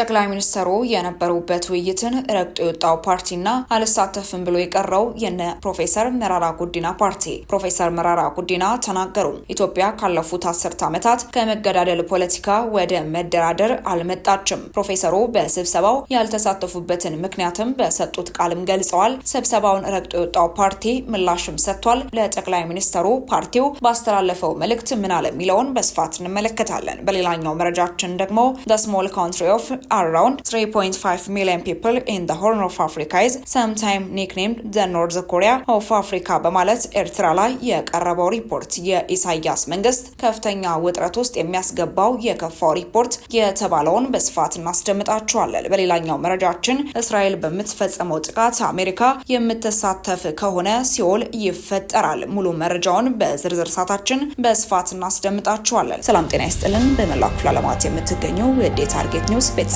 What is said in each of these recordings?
ጠቅላይ ሚኒስትሩ የነበሩበት ውይይትን ረግጦ የወጣው ፓርቲና አልሳተፍም ብሎ የቀረው የነ ፕሮፌሰር መራራ ጉዲና ፓርቲ ፕሮፌሰር መራራ ጉዲና ተናገሩ። ኢትዮጵያ ካለፉት አስርት ዓመታት ከመገዳደል ፖለቲካ ወደ መደራደር አልመጣችም። ፕሮፌሰሩ በስብሰባው ያልተሳተፉበትን ምክንያትም በሰጡት ቃልም ገልጸዋል። ስብሰባውን ረግጦ የወጣው ፓርቲ ምላሽም ሰጥቷል። ለጠቅላይ ሚኒስትሩ ፓርቲው ባስተላለፈው መልእክት ምን አለ የሚለውን በስፋት እንመለከታለን። በሌላኛው መረጃችን ደግሞ ስሞል ካውንትሪ ኦፍ around 3.5 million people in the Horn of Africa is sometime nicknamed the North Korea of Africa በማለት ኤርትራ ላይ የቀረበው ሪፖርት የኢሳያስ መንግስት ከፍተኛ ውጥረት ውስጥ የሚያስገባው የከፋው ሪፖርት የተባለውን በስፋት እናስደምጣችኋለን። በሌላኛው መረጃችን እስራኤል በምትፈጸመው ጥቃት አሜሪካ የምትሳተፍ ከሆነ ሲኦል ይፈጠራል። ሙሉ መረጃውን በዝርዝር ሰዓታችን በስፋት እናስደምጣችኋለን። ሰላም ጤና ይስጥልን። በመላው ክፍለ ዓለማት የምትገኙ የዴ ታርጌት ኒውስ ቤተሰ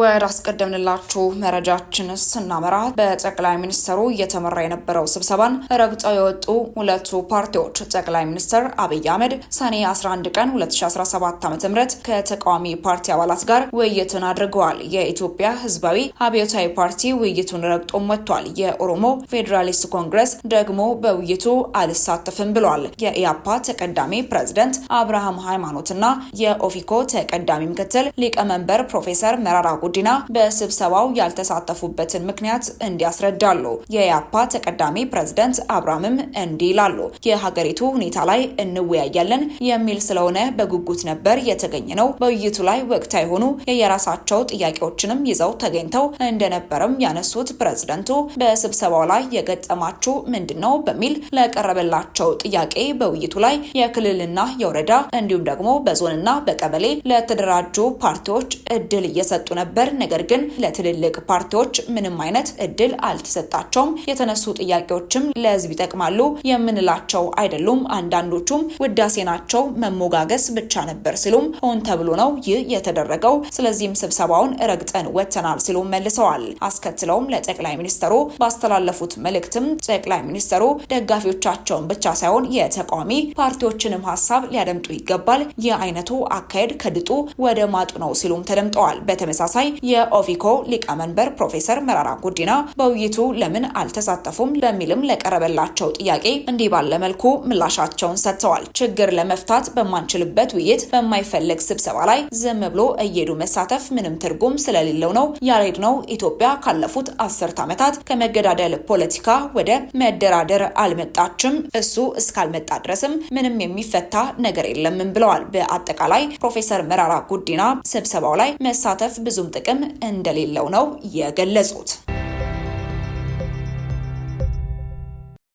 ወደ አስቀደምንላችሁ መረጃችን ስናመራ በጠቅላይ ሚኒስትሩ እየተመራ የነበረው ስብሰባን ረግጠው የወጡ ሁለቱ ፓርቲዎች ጠቅላይ ሚኒስትር አብይ አህመድ ሰኔ 11 ቀን 2017 ዓ ም ከተቃዋሚ ፓርቲ አባላት ጋር ውይይትን አድርገዋል። የኢትዮጵያ ህዝባዊ አብዮታዊ ፓርቲ ውይይቱን ረግጦም ወጥቷል። የኦሮሞ ፌዴራሊስት ኮንግረስ ደግሞ በውይይቱ አልሳተፍም ብሏል። የኢያፓ ተቀዳሚ ፕሬዝደንት አብርሃም ሃይማኖትና የኦፊኮ ተቀዳሚ ምክትል ሊቀመንበር ፕሮፌሰር መራራ ጉዲና በስብሰባው ያልተሳተፉበትን ምክንያት እንዲያስረዳሉ። የያፓ ተቀዳሚ ፕሬዝደንት አብራምም እንዲህ ይላሉ። የሀገሪቱ ሁኔታ ላይ እንወያያለን የሚል ስለሆነ በጉጉት ነበር የተገኘ ነው። በውይይቱ ላይ ወቅት የሆኑ የየራሳቸው ጥያቄዎችንም ይዘው ተገኝተው እንደነበረም ያነሱት ፕሬዝደንቱ በስብሰባው ላይ የገጠማችሁ ምንድን ነው በሚል ለቀረበላቸው ጥያቄ በውይይቱ ላይ የክልልና የወረዳ እንዲሁም ደግሞ በዞንና በቀበሌ ለተደራጁ ፓርቲዎች እድል እየሰጡ ነበር ነበር። ነገር ግን ለትልልቅ ፓርቲዎች ምንም አይነት እድል አልተሰጣቸውም። የተነሱ ጥያቄዎችም ለህዝብ ይጠቅማሉ የምንላቸው አይደሉም። አንዳንዶቹም ውዳሴ ናቸው፣ መሞጋገስ ብቻ ነበር ሲሉም ሆን ተብሎ ነው ይህ የተደረገው፣ ስለዚህም ስብሰባውን ረግጠን ወጥተናል ሲሉም መልሰዋል። አስከትለውም ለጠቅላይ ሚኒስትሩ ባስተላለፉት መልእክትም ጠቅላይ ሚኒስትሩ ደጋፊዎቻቸውን ብቻ ሳይሆን የተቃዋሚ ፓርቲዎችንም ሀሳብ ሊያደምጡ ይገባል፣ ይህ አይነቱ አካሄድ ከድጡ ወደ ማጡ ነው ሲሉም ተደምጠዋል። በተመሳሳይ ተመሳሳይ የኦቪኮ ሊቀመንበር ፕሮፌሰር መራራ ጉዲና በውይይቱ ለምን አልተሳተፉም ለሚልም ለቀረበላቸው ጥያቄ እንዲህ ባለ መልኩ ምላሻቸውን ሰጥተዋል። ችግር ለመፍታት በማንችልበት ውይይት በማይፈለግ ስብሰባ ላይ ዝም ብሎ እየሄዱ መሳተፍ ምንም ትርጉም ስለሌለው ነው ያሬድ ነው ኢትዮጵያ ካለፉት አስርት ዓመታት ከመገዳደል ፖለቲካ ወደ መደራደር አልመጣችም። እሱ እስካልመጣ ድረስም ምንም የሚፈታ ነገር የለምም ብለዋል። በአጠቃላይ ፕሮፌሰር መራራ ጉዲና ስብሰባው ላይ መሳተፍ ብዙም ጥቅም እንደሌለው ነው የገለጹት።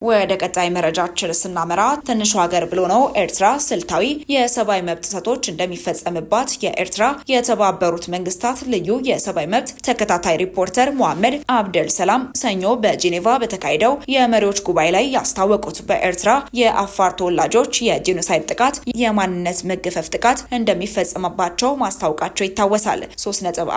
ወደ ቀጣይ መረጃችን ስናመራ ትንሹ ሀገር ብሎ ነው ኤርትራ ስልታዊ የሰብአዊ መብት ጥሰቶች እንደሚፈጸምባት የኤርትራ የተባበሩት መንግስታት ልዩ የሰብአዊ መብት ተከታታይ ሪፖርተር ሞሐመድ አብደል ሰላም ሰኞ በጄኔቫ በተካሄደው የመሪዎች ጉባኤ ላይ ያስታወቁት። በኤርትራ የአፋር ተወላጆች የጄኖሳይድ ጥቃት፣ የማንነት መገፈፍ ጥቃት እንደሚፈጸምባቸው ማስታወቃቸው ይታወሳል።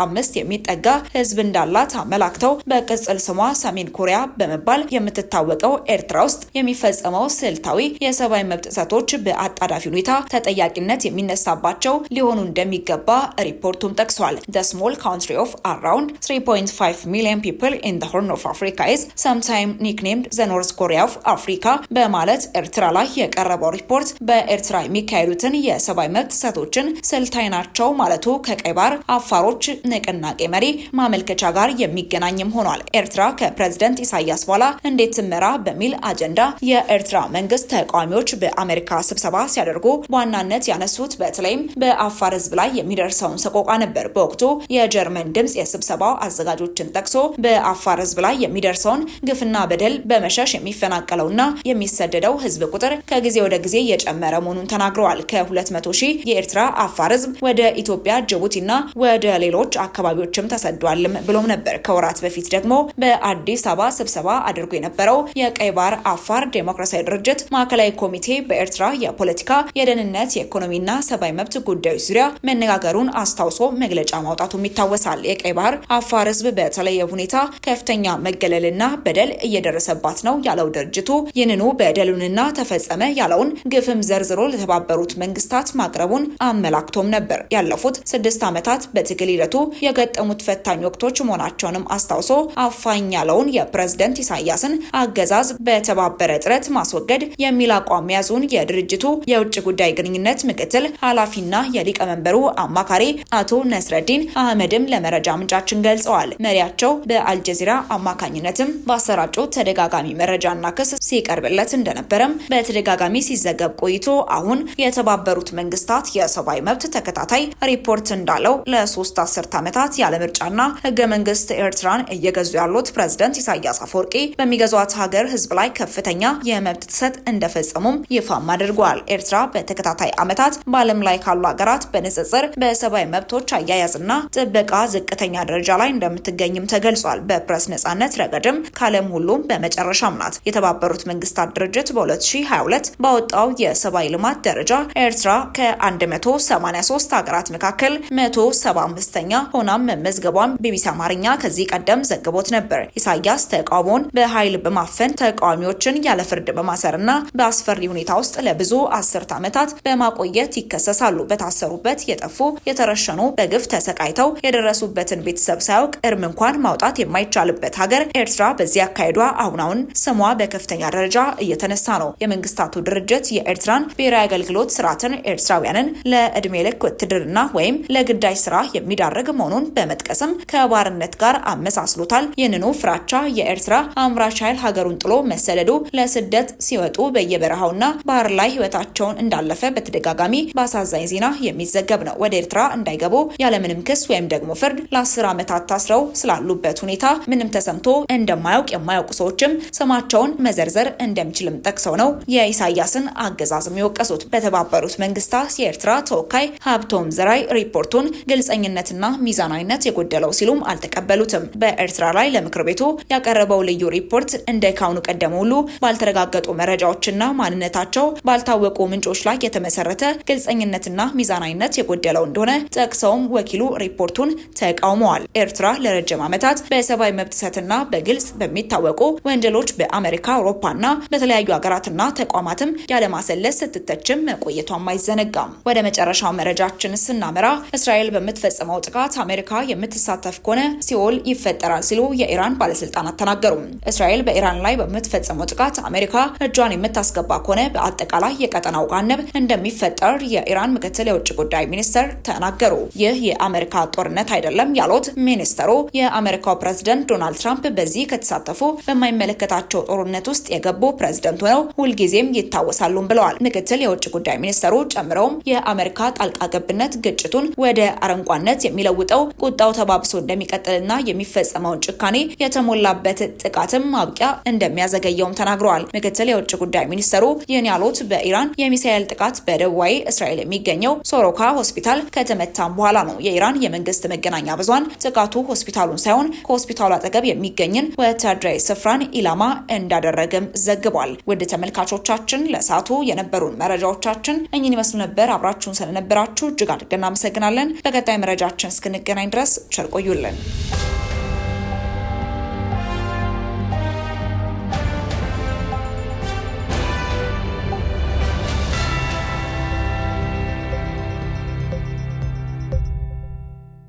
አምስት የሚጠጋ ህዝብ እንዳላት አመላክተው በቅጽል ስሟ ሰሜን ኮሪያ በመባል የምትታወቀው ኤርትራ ኤርትራ ውስጥ የሚፈጸመው ስልታዊ የሰብአዊ መብት ጥሰቶች በአጣዳፊ ሁኔታ ተጠያቂነት የሚነሳባቸው ሊሆኑ እንደሚገባ ሪፖርቱም ጠቅሷል። ደ ስሞል ካንትሪ ኦፍ አራውንድ 3.5 ሚሊዮን ፒፕል ኢን ሆርን ኦፍ አፍሪካ ኢዝ ሰምታይም ኒክኔምድ ዘ ኖርዝ ኮሪያ ኦፍ አፍሪካ በማለት ኤርትራ ላይ የቀረበው ሪፖርት በኤርትራ የሚካሄዱትን የሰብአዊ መብት ጥሰቶችን ስልታዊ ናቸው ማለቱ ከቀይ ባህር አፋሮች ንቅናቄ መሪ ማመልከቻ ጋር የሚገናኝም ሆኗል። ኤርትራ ከፕሬዝደንት ኢሳያስ በኋላ እንዴት ትመራ በሚል አጀንዳ የኤርትራ መንግስት ተቃዋሚዎች በአሜሪካ ስብሰባ ሲያደርጉ በዋናነት ያነሱት በተለይም በአፋር ህዝብ ላይ የሚደርሰውን ሰቆቃ ነበር። በወቅቱ የጀርመን ድምፅ የስብሰባው አዘጋጆችን ጠቅሶ በአፋር ህዝብ ላይ የሚደርሰውን ግፍና በደል በመሸሽ የሚፈናቀለውና የሚሰደደው ህዝብ ቁጥር ከጊዜ ወደ ጊዜ እየጨመረ መሆኑን ተናግረዋል። ከ200 ሺህ የኤርትራ አፋር ህዝብ ወደ ኢትዮጵያ፣ ጅቡቲና ወደ ሌሎች አካባቢዎችም ተሰዷልም ብሎም ነበር። ከወራት በፊት ደግሞ በአዲስ አበባ ስብሰባ አድርጎ የነበረው የቀይ ባህር የአፋር አፋር ዴሞክራሲያዊ ድርጅት ማዕከላዊ ኮሚቴ በኤርትራ የፖለቲካ የደህንነት፣ የኢኮኖሚና ሰብአዊ መብት ጉዳዮች ዙሪያ መነጋገሩን አስታውሶ መግለጫ ማውጣቱም ይታወሳል። የቀይ ባህር አፋር ህዝብ በተለየ ሁኔታ ከፍተኛ መገለልና በደል እየደረሰባት ነው ያለው ድርጅቱ ይህንኑ በደሉንና ተፈጸመ ያለውን ግፍም ዘርዝሮ ለተባበሩት መንግስታት ማቅረቡን አመላክቶም ነበር። ያለፉት ስድስት ዓመታት በትግል ሂደቱ የገጠሙት ፈታኝ ወቅቶች መሆናቸውንም አስታውሶ አፋኝ ያለውን የፕሬዝደንት ኢሳያስን አገዛዝ በ በተባበረ ጥረት ማስወገድ የሚል አቋም መያዙን የድርጅቱ የውጭ ጉዳይ ግንኙነት ምክትል ኃላፊና የሊቀመንበሩ አማካሪ አቶ ነስረዲን አህመድም ለመረጃ ምንጫችን ገልጸዋል። መሪያቸው በአልጀዚራ አማካኝነትም ባሰራጩ ተደጋጋሚ መረጃና ክስ ሲቀርብለት እንደነበረም በተደጋጋሚ ሲዘገብ ቆይቶ አሁን የተባበሩት መንግስታት የሰብአዊ መብት ተከታታይ ሪፖርት እንዳለው ለሶስት አስርት ዓመታት ያለ ምርጫና ህገ መንግስት ኤርትራን እየገዙ ያሉት ፕሬዝደንት ኢሳያስ አፈወርቂ በሚገዟት ሀገር ህዝብ ላይ ከፍተኛ የመብት ጥሰት እንደፈጸሙም ይፋም አድርጓል። ኤርትራ በተከታታይ ዓመታት በዓለም ላይ ካሉ ሀገራት በንጽጽር በሰብአዊ መብቶች አያያዝና ጥበቃ ዝቅተኛ ደረጃ ላይ እንደምትገኝም ተገልጿል። በፕረስ ነጻነት ረገድም ከዓለም ሁሉም በመጨረሻም ናት። የተባበሩት መንግስታት ድርጅት በ2022 ባወጣው የሰብአዊ ልማት ደረጃ ኤርትራ ከ183 ሀገራት መካከል 175ኛ ሆናም መመዝገቧን ቢቢሲ አማርኛ ከዚህ ቀደም ዘግቦት ነበር። ኢሳያስ ተቃውሞን በኃይል በማፈን ተቃዋሚ ተቃዋሚዎችን ያለ ፍርድ በማሰርና በአስፈሪ ሁኔታ ውስጥ ለብዙ አስርት ዓመታት በማቆየት ይከሰሳሉ። በታሰሩበት የጠፉ የተረሸኑ፣ በግፍ ተሰቃይተው የደረሱበትን ቤተሰብ ሳያውቅ እርም እንኳን ማውጣት የማይቻልበት ሀገር ኤርትራ በዚህ አካሄዷ አሁን አሁን ስሟ በከፍተኛ ደረጃ እየተነሳ ነው። የመንግስታቱ ድርጅት የኤርትራን ብሔራዊ አገልግሎት ስርዓትን ኤርትራውያንን ለዕድሜ ልክ ውትድርና ወይም ለግዳጅ ስራ የሚዳርግ መሆኑን በመጥቀስም ከባርነት ጋር አመሳስሎታል። ይህንኑ ፍራቻ የኤርትራ አምራች ኃይል ሀገሩን ጥሎ መሰ ሲሰደዱ፣ ለስደት ሲወጡ በየበረሃውና ባህር ላይ ህይወታቸውን እንዳለፈ በተደጋጋሚ በአሳዛኝ ዜና የሚዘገብ ነው። ወደ ኤርትራ እንዳይገቡ ያለምንም ክስ ወይም ደግሞ ፍርድ ለአስር ዓመታት ታስረው ስላሉበት ሁኔታ ምንም ተሰምቶ እንደማያውቅ የማያውቁ ሰዎችም ስማቸውን መዘርዘር እንደሚችልም ጠቅሰው ነው የኢሳያስን አገዛዝም የወቀሱት። በተባበሩት መንግስታት የኤርትራ ተወካይ ሀብቶም ዘራይ ሪፖርቱን ግልጸኝነትና ሚዛናዊነት የጎደለው ሲሉም አልተቀበሉትም። በኤርትራ ላይ ለምክር ቤቱ ያቀረበው ልዩ ሪፖርት እንደ ካሁኑ ቀደሙ በሙሉ ባልተረጋገጡ መረጃዎችና ማንነታቸው ባልታወቁ ምንጮች ላይ የተመሰረተ ግልጸኝነትና ሚዛናዊነት የጎደለው እንደሆነ ጠቅሰውም ወኪሉ ሪፖርቱን ተቃውመዋል። ኤርትራ ለረጅም ዓመታት በሰብአዊ መብት ጥሰትና በግልጽ በሚታወቁ ወንጀሎች በአሜሪካ አውሮፓና በተለያዩ ሀገራትና ተቋማትም ያለማሰለስ ስትተችም መቆየቷም አይዘነጋም። ወደ መጨረሻው መረጃችን ስናመራ እስራኤል በምትፈጽመው ጥቃት አሜሪካ የምትሳተፍ ከሆነ ሲኦል ይፈጠራል ሲሉ የኢራን ባለስልጣናት ተናገሩ። እስራኤል በኢራን ላይ በምትፈ በሚፈጸመው ጥቃት አሜሪካ እጇን የምታስገባ ከሆነ በአጠቃላይ የቀጠናው ጋነብ እንደሚፈጠር የኢራን ምክትል የውጭ ጉዳይ ሚኒስትር ተናገሩ። ይህ የአሜሪካ ጦርነት አይደለም ያሉት ሚኒስተሩ የአሜሪካው ፕሬዝደንት ዶናልድ ትራምፕ በዚህ ከተሳተፉ በማይመለከታቸው ጦርነት ውስጥ የገቡ ፕሬዝደንት ሆነው ሁልጊዜም ይታወሳሉም ብለዋል። ምክትል የውጭ ጉዳይ ሚኒስተሩ ጨምረውም የአሜሪካ ጣልቃ ገብነት ግጭቱን ወደ አረንቋነት የሚለውጠው ቁጣው ተባብሶ እንደሚቀጥልና የሚፈጸመውን ጭካኔ የተሞላበት ጥቃትም ማብቂያ እንደሚያዘገ እንደዘገየውም ተናግረዋል። ምክትል የውጭ ጉዳይ ሚኒስተሩ ይህን ያሉት በኢራን የሚሳኤል ጥቃት በደቡባዊ እስራኤል የሚገኘው ሶሮካ ሆስፒታል ከተመታም በኋላ ነው። የኢራን የመንግስት መገናኛ ብዙሃን ጥቃቱ ሆስፒታሉን ሳይሆን ከሆስፒታሉ አጠገብ የሚገኝን ወታደራዊ ስፍራን ኢላማ እንዳደረገም ዘግቧል። ውድ ተመልካቾቻችን ለሰዓቱ የነበሩን መረጃዎቻችን እኚህን ይመስሉ ነበር። አብራችሁን ስለነበራችሁ እጅግ አድርገን እናመሰግናለን። በቀጣይ መረጃችን እስክንገናኝ ድረስ ቸር ቆዩልን።